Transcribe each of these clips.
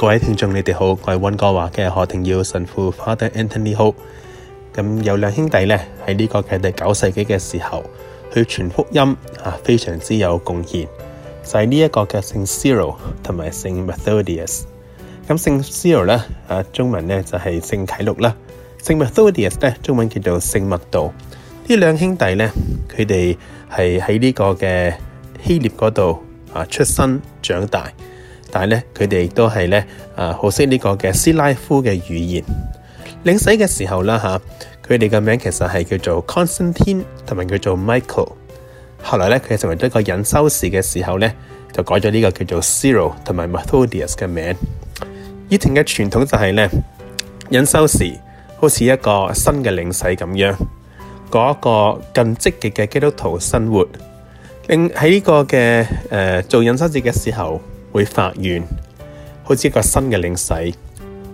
各位聽眾，你哋好！我係溫哥華嘅何庭耀神父 Father Anthony Ho。咁有兩兄弟咧，喺呢個嘅第九世紀嘅時候，去傳福音啊，非常之有貢獻。就係呢一個嘅聖 Cyril 同埋聖 Methodius。咁聖 Cyril 咧啊，中文咧就係聖啟祿啦。聖 Methodius 咧，中文叫做聖默道。呢兩兄弟咧，佢哋係喺呢個嘅希臘嗰度啊，出生長大。但係咧，佢哋亦都係咧，啊，好識呢個嘅斯拉夫嘅語言。領洗嘅時候啦，嚇佢哋嘅名其實係叫做 Constantine 同埋叫做 Michael。後來咧，佢成為咗一個隱修士嘅時候咧，就改咗呢個叫做 Cyril 同埋 Methodius 嘅名。以前嘅傳統就係咧，隱修士好似一個新嘅領洗咁樣嗰、那個更積極嘅基督徒生活。令喺呢個嘅誒、呃、做隱修士嘅時候。會發願，好似一個新嘅領洗，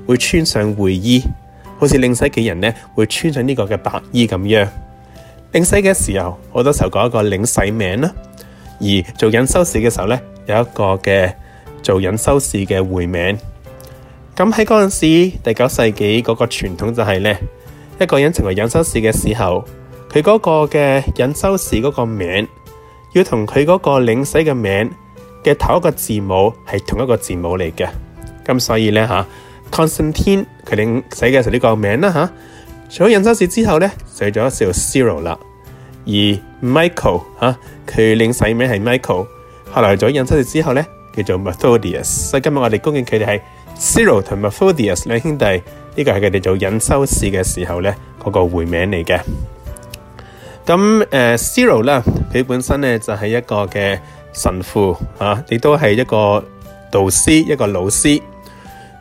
會穿上會衣，好似領洗嘅人呢會穿上呢個嘅白衣咁樣。領洗嘅時候，好多時候講一個領洗名啦，而做隱修士嘅時候呢，有一個嘅做隱修士嘅會名。咁喺嗰陣時，第九世紀嗰個傳統就係呢：一個人成為隱修士嘅時候，佢嗰個嘅隱修士嗰個名，要同佢嗰個領洗嘅名嘅頭一個字母係同一個字母嚟嘅。咁所以咧嚇、啊、Constantine 佢領洗嘅時候呢個名啦吓，做咗隱修士之後咧，寫咗做 Cyril 啦。而 Michael 吓、啊，佢領洗名係 Michael，後來做咗隱修士之後咧叫做 Methodius。所以今日我哋恭敬佢哋係 Cyril 同 Methodius 兩兄弟，呢、這個係佢哋做隱修士嘅時候咧嗰、那個會名嚟嘅。咁誒 Cyril 啦，佢、呃、本身咧就係、是、一個嘅。神父啊，亦都係一個導師，一個老師，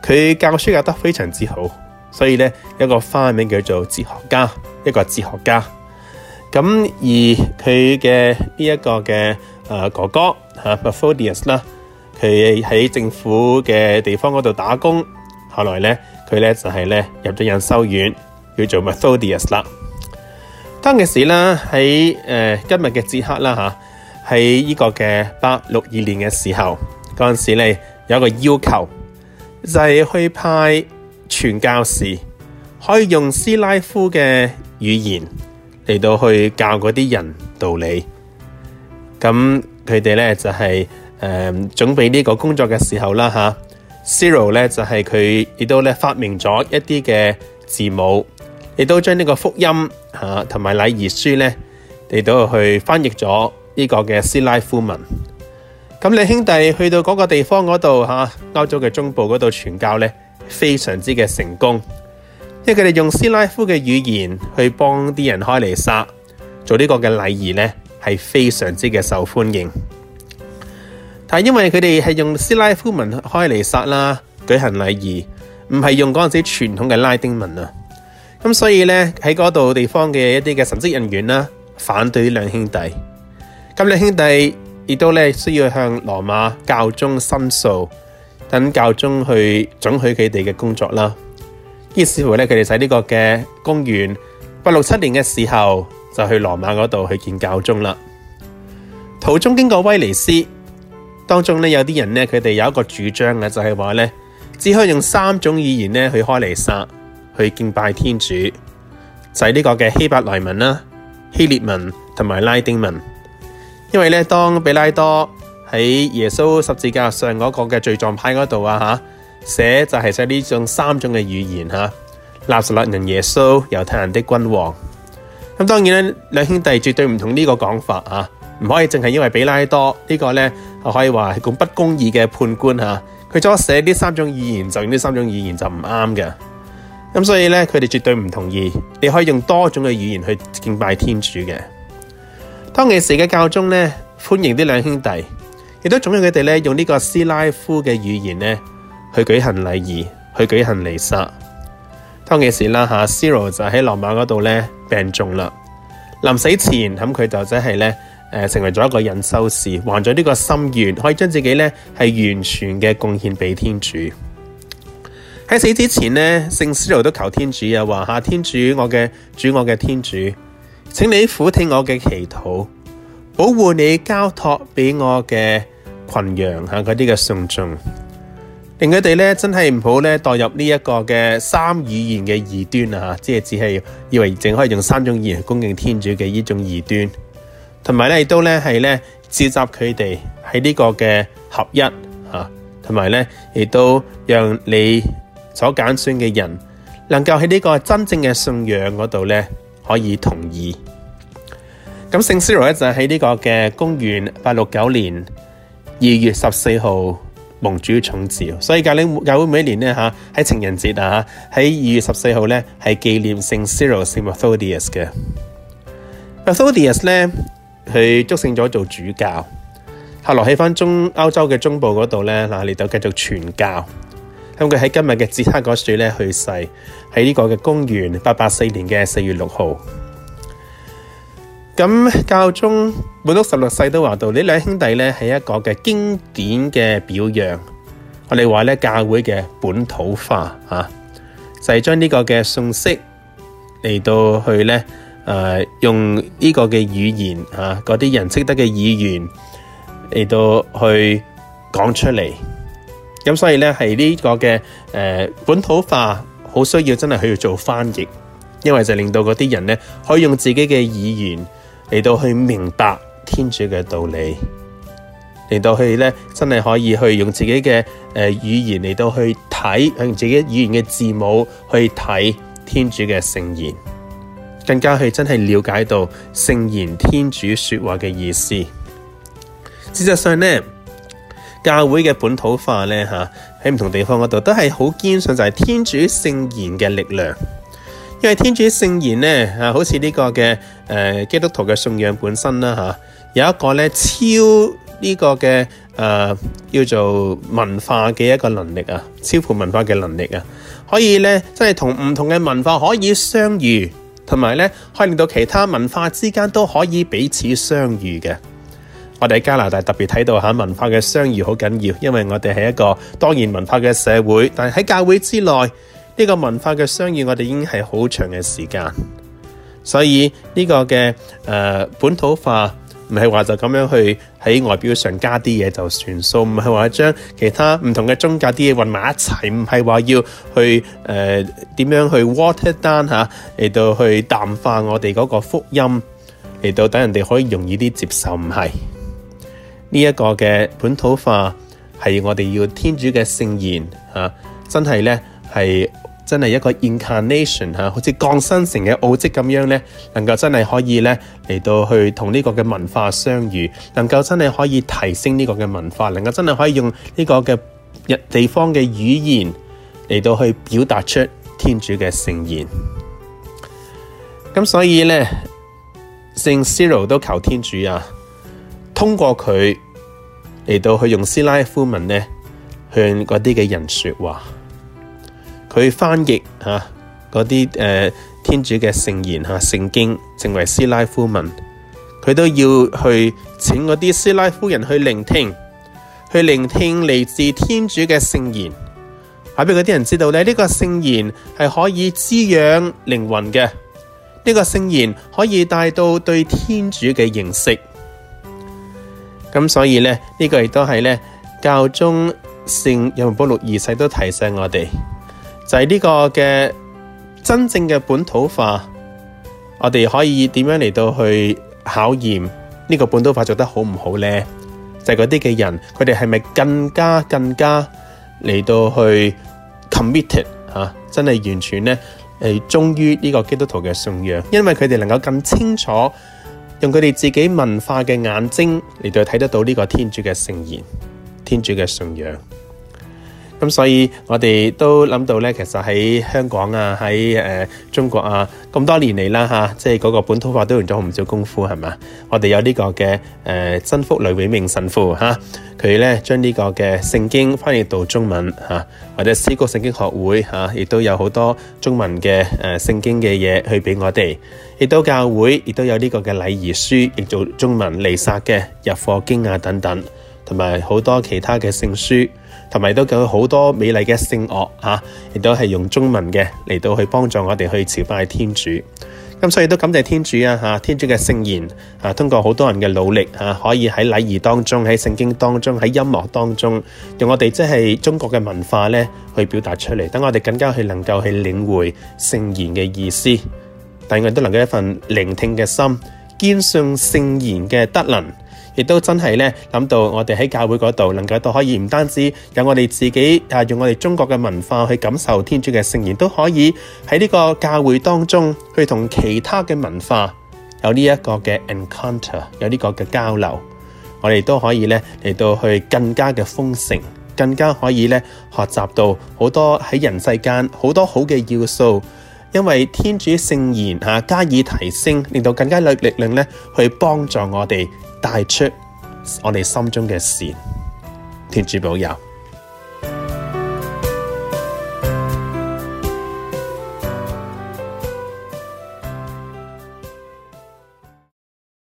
佢教書教得非常之好，所以咧一個花名叫做哲學家，一個哲學家。咁而佢嘅呢一個嘅誒、呃、哥哥吓，Methodius 啦，佢喺、啊、政府嘅地方嗰度打工，後來咧佢咧就係、是、咧入咗印修院，叫做 Methodius 啦。當其時啦，喺誒、呃、今日嘅捷克啦吓。啊喺呢個嘅八六二年嘅時候，嗰陣時咧有一個要求就係、是、去派傳教士，可以用斯拉夫嘅語言嚟到去教嗰啲人道理。咁佢哋咧就係、是、誒、呃、準備呢個工作嘅時候啦，吓 Cyril 咧就係佢亦都咧發明咗一啲嘅字母，亦都將呢個福音吓同埋禮儀書咧嚟到去翻譯咗。呢個嘅斯拉夫文，咁兩兄弟去到嗰個地方嗰度嚇，歐洲嘅中部嗰度傳教咧，非常之嘅成功，因為佢哋用斯拉夫嘅語言去幫啲人開彌撒，做呢個嘅禮儀咧，係非常之嘅受歡迎。但係因為佢哋係用斯拉夫文開彌撒啦，舉行禮儀，唔係用嗰陣時傳統嘅拉丁文啊，咁所以咧喺嗰度地方嘅一啲嘅神職人員啦，反對兩兄弟。咁，兩兄弟亦都咧需要向羅馬教宗申訴，等教宗去准許佢哋嘅工作啦。於是乎咧，佢哋喺呢個嘅公元八六七年嘅時候就去羅馬嗰度去見教宗啦。途中經過威尼斯，當中咧有啲人咧，佢哋有一個主張嘅，就係話咧只可以用三種語言咧去開彌撒去敬拜天主，就係呢個嘅希伯來文啦、希列文同埋拉丁文。因為咧，當比拉多喺耶穌十字架上嗰個嘅罪狀牌嗰度啊，吓、啊、寫就係寫呢種三種嘅語言吓、啊，納撒勒人耶穌，猶太人的君王。咁、啊、當然咧，兩兄弟絕對唔同呢個講法啊，唔可以淨係因為比拉多、這個、呢個咧，可以話係咁不公義嘅判官吓，佢、啊、所寫呢三種語言，就用呢三種語言就唔啱嘅。咁、啊、所以咧，佢哋絕對唔同意，你可以用多種嘅語言去敬拜天主嘅。當其時嘅教宗咧，歡迎啲兩兄弟，亦都總要佢哋咧用呢用這個斯拉夫嘅語言咧去舉行禮儀，去舉行彌撒。當其時啦，哈、啊，西羅就喺羅馬嗰度咧病重啦，臨死前咁佢、嗯、就即係咧誒成為咗一個隱修士，還咗呢個心願，可以將自己咧係完全嘅貢獻俾天主。喺死之前咧，聖西羅都求天主啊，話下、啊、天、天主，我嘅主，我嘅天主。請你俯聽我嘅祈禱，保護你交託俾我嘅群羊吓，嗰啲嘅信眾，令佢哋咧真係唔好咧代入呢一個嘅三語言嘅異端啊，即係只係以為淨可以用三種語言恭敬天主嘅呢種異端，同埋咧亦都咧係咧召集佢哋喺呢個嘅合一吓，同埋咧亦都讓你所揀選嘅人能夠喺呢個真正嘅信仰嗰度咧。可以同意。咁聖西羅咧就喺、是、呢個嘅公元八六九年二月十四號蒙主重召，所以教領教會每年咧吓喺情人節啊吓喺二月十四號咧係紀念聖西羅聖 Methodius 嘅。Methodius 咧佢祝聖咗做主教，後來喺翻中歐洲嘅中部嗰度咧嗱，嚟到繼續傳教。咁佢喺今日嘅捷克嗰處咧去世，喺呢個嘅公元八八四年嘅四月六號。咁教宗本篤十六世都話到，呢兩兄弟咧係一個嘅經典嘅表樣。我哋話咧教會嘅本土化啊，就係將呢個嘅信息嚟到去咧誒、呃，用呢個嘅語言啊，嗰啲人識得嘅語言嚟到去講出嚟。咁所以咧，係呢個嘅，誒、呃、本土化好需要真係去做翻譯，因為就令到嗰啲人咧可以用自己嘅語言嚟到去明白天主嘅道理，令到佢咧真係可以去用自己嘅，誒、呃、語言嚟到去睇，用自己語言嘅字母去睇天主嘅聖言，更加去真係了解到聖言天主說話嘅意思。事實上咧。教會嘅本土化咧，嚇喺唔同地方嗰度都係好堅信就係、是、天主聖言嘅力量，因為天主聖言咧，啊，好似呢個嘅誒基督徒嘅信仰本身啦，嚇有一個咧超呢個嘅誒、呃、叫做文化嘅一個能力啊，超乎文化嘅能力啊，可以咧即係同唔同嘅文化可以相遇，同埋咧可以令到其他文化之間都可以彼此相遇嘅。我哋喺加拿大特別睇到吓文化嘅商議好緊要，因為我哋係一個多元文化嘅社會。但係喺教會之內呢個文化嘅商議，我哋已經係好長嘅時間，所以呢個嘅誒本土化唔係話就咁樣去喺外表上加啲嘢就算數，唔係話將其他唔同嘅宗教啲嘢混埋一齊，唔係話要去誒點樣去 water down 吓嚟到去淡化我哋嗰個福音嚟到等人哋可以容易啲接受，唔係。呢一個嘅本土化係我哋要天主嘅聖言嚇、啊，真係咧係真係一個 incarnation 嚇、啊，好似降生成嘅奧蹟咁樣咧，能夠真係可以咧嚟到去同呢個嘅文化相遇，能夠真係可以提升呢個嘅文化，能夠真係可以用呢個嘅日地方嘅語言嚟到去表達出天主嘅聖言。咁所以咧，聖 Cyril 都求天主啊！通過佢嚟到去用斯拉夫文咧，向嗰啲嘅人說話。佢翻譯吓嗰啲誒天主嘅聖言吓、啊、聖經，成為斯拉夫文。佢都要去請嗰啲斯拉夫人去聆聽，去聆聽嚟自天主嘅聖言，俾嗰啲人知道咧呢個聖言係可以滋養靈魂嘅。呢個聖言可以帶到對天主嘅認識。咁所以咧，這個、也是呢個亦都係咧，教宗聖若望保祿二世都提醒我哋，就係、是、呢個嘅真正嘅本土化，我哋可以點樣嚟到去考驗呢個本土化做得好唔好咧？就係嗰啲嘅人，佢哋係咪更加更加嚟到去 committed 啊？真係完全咧，誒忠於呢個基督徒嘅信仰，因為佢哋能夠咁清楚，用佢哋自己文化嘅眼睛嚟到睇得到呢個天主嘅聖言，天主嘅信仰。咁所以我哋都諗到咧，其實喺香港啊，喺誒中國啊，咁多年嚟啦嚇，即係嗰個本土化都用咗唔少功夫，係嘛？我哋有呢個嘅誒真福雷永明神父嚇，佢咧將呢個嘅聖經翻譯到中文嚇，或者思高聖經學會嚇，亦都有好多中文嘅誒聖經嘅嘢去俾我哋。亦都教會亦都有呢個嘅禮儀書，亦做中文彌撒嘅日課經啊等等，同埋好多其他嘅聖書。同埋都有好多美麗嘅聖樂嚇，亦都係用中文嘅嚟到去幫助我哋去朝拜天主。咁所以都感謝天主啊嚇，天主嘅聖言啊，通過好多人嘅努力嚇，可以喺禮儀當中、喺聖經當中、喺音樂當中，用我哋即係中國嘅文化咧去表達出嚟，等我哋更加去能夠去領會聖言嘅意思。但願都能夠一份聆聽嘅心，堅信聖言嘅德能。亦都真係咧，諗到我哋喺教會嗰度能夠到可以唔單止有我哋自己啊，用我哋中國嘅文化去感受天主嘅聖言，都可以喺呢個教會當中去同其他嘅文化有呢一個嘅 encounter，有呢個嘅交流，我哋都可以咧嚟到去更加嘅豐盛，更加可以咧學習到好多喺人世間好多好嘅要素。因為天主聖言啊，加以提升，令到更加有力量咧去幫助我哋帶出我哋心中嘅善。天主保佑。